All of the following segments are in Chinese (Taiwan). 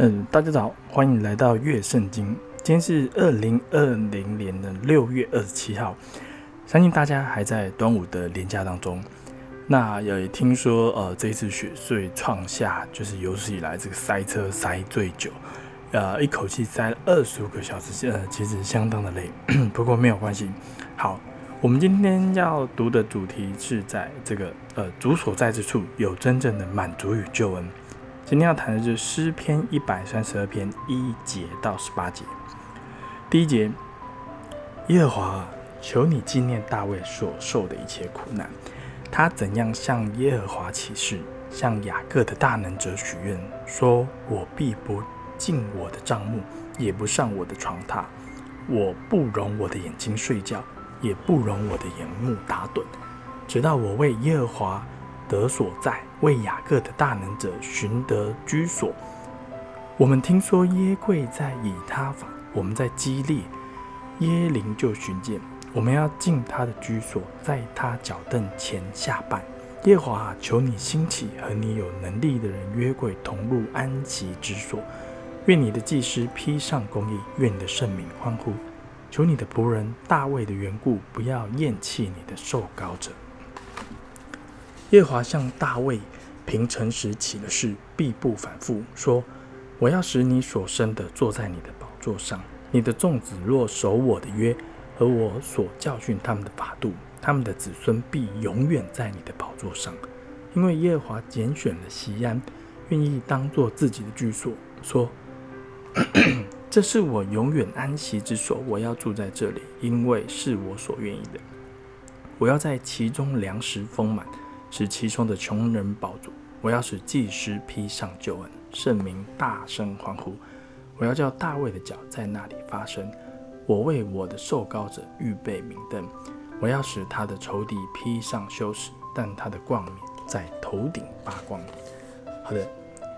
嗯，大家好，歡迎來到樂聖經。今天是二零二零年的六月二十七號，相信大家還在端午的連假當中。那也聽說，呃，這一次雪隧創下就是有史以來這個塞車塞最久，呃，一口氣塞了二十五個小時，呃，其實相當的累。不過沒有關係。好，我們今天要讀的主題是在這個，呃，主所在之處有真正的滿足與救恩。今天要談的是詩篇一百三十二篇一節到十八節。第一節，耶和華，求你紀念大衛所受的一切苦難。他怎樣向耶和華起誓，向雅各的大能者許願，說：我必不進我的帳幕，也不上我的床榻，我不容我的眼睛睡覺，也不容我的眼目打盹，直到我為耶和華。得所在，為雅各的大能者尋得居所。我們聽說約櫃在以他法，我們在基列耶琳就尋見。我們要進他的居所，在他腳凳前下拜。耶和華啊，求你興起，和你有能力的人約櫃，同入安息之所。願你的祭司披上公義，願你的聖民歡呼。求你的僕人大衛的緣故，不要厭棄你的受膏者。耶和華向大衛憑誠實起了誓，必不反覆。說：“我要使你所生的坐在你的寶座上。你的眾子若守我的約，和我所教訓他們的法度，他們的子孫必永遠在你的寶座上。因為耶和華揀選了錫安，願意當做自己的居所。說：‘ 這是我永遠安息之所。我要住在這裡，因為是我所願意的。我要在其中糧食豐滿。’使其中的窮人飽足，我要使祭司披上救恩，聖民大聲歡呼。我要叫大衛的腳在那裡發聲。我為我的受膏者預備明燈。我要使他的仇敵披上羞恥，但他的冠冕在頭頂發光。好的，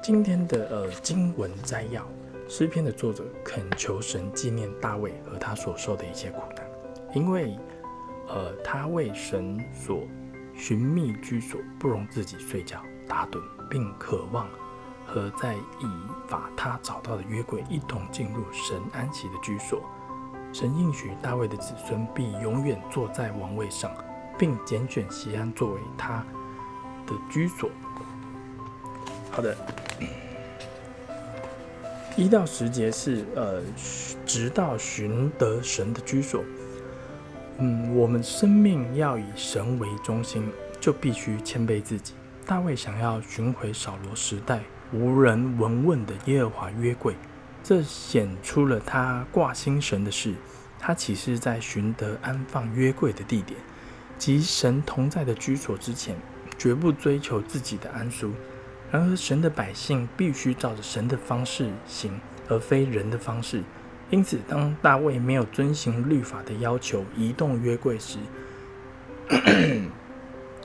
今天的呃經文摘要，詩篇的作者懇求神紀念大衛和他所受的一些苦難，因為呃他為神所。尋覓居所，不容自己睡覺打盹，並渴望和在以法他找到的約櫃一同進入神安息的居所。神應許大衛的子孫必永遠坐在王位上，並揀選錫安作為他的居所。好的，一到十節是呃，直到尋得神的居所。嗯，我們生命要以神為中心，就必須謙卑自己。大衛想要尋回掃羅時代無人聞問的耶和華約櫃，這顯出了他掛心神的事。他豈是在尋得安放約櫃的地點，即神同在的居所之前，絕不追求自己的安舒？然而，神的百姓必須照着神的方式行，而非人的方式。因此，當大衛沒有遵行律法的要求移動約櫃時，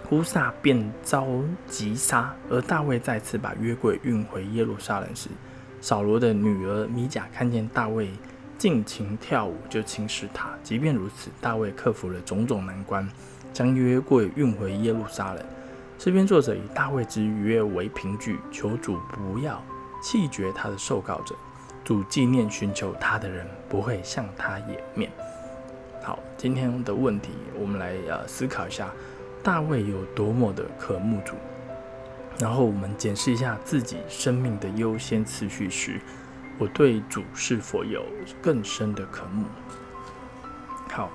烏撒便遭擊殺；而大衛再次把約櫃運回耶路撒冷時，掃羅的女兒米甲看見大衛盡情跳舞，就輕視他。即便如此，大衛克服了種種難關，將約櫃運回耶路撒冷。這篇作者以大衛之約為憑據，求主不要棄絕他的受膏者。主紀念尋求他的人，不會向他掩面。好，今天的問題，我們來呃思考一下，大衛有多麼的渴慕主，然後我們檢視一下自己生命的優先次序時，我對主是否有更深的渴慕。好，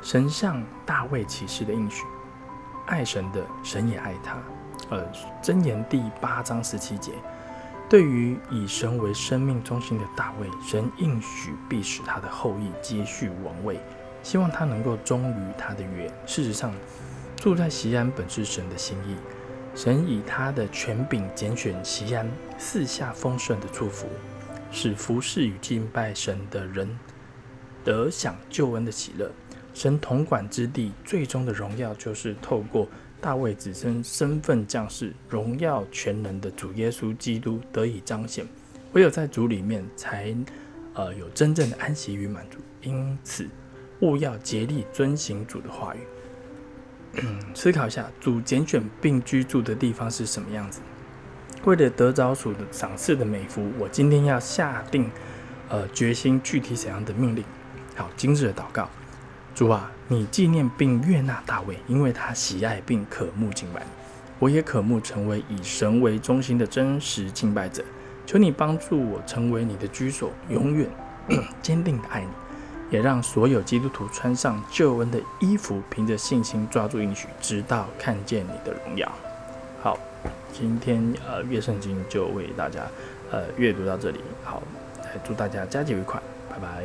神向大衛起誓的應許，愛神的神也愛他。呃，箴言第八章十七節。對於以神為生命中心的大衛，神應許必使他的後裔接續王位，希望他能夠忠於他的約。事實上，住在錫安本是神的心意。神以他的權柄揀選錫安，賜下豐盛的祝福，使服侍與敬拜神的人得享救恩的喜樂。神統管之地最終的榮耀，就是透過。大衛子孫身份、將士、榮耀、全能的主耶穌基督得以彰顯，唯有在主裡面才，呃，有真正的安息與滿足。因此，務要竭力遵行主的話語。思考一下，主揀選並居住的地方是什麼樣子？為了得着主的賞賜的美福，我今天要下定，呃，決心具體怎樣的命令。好，今日的禱告，主啊。你紀念並悅納大衛，因為他喜愛並渴慕敬拜你。我也渴慕成為以神為中心的真實敬拜者。求你幫助我成為你的居所，永遠堅定地愛你，也讓所有基督徒穿上救恩的衣服，憑着信心抓住應許，直到看見你的榮耀。好，今天呃，樂聖經就為大家呃閱讀到這裡。好，來祝大家佳節愉快，拜拜。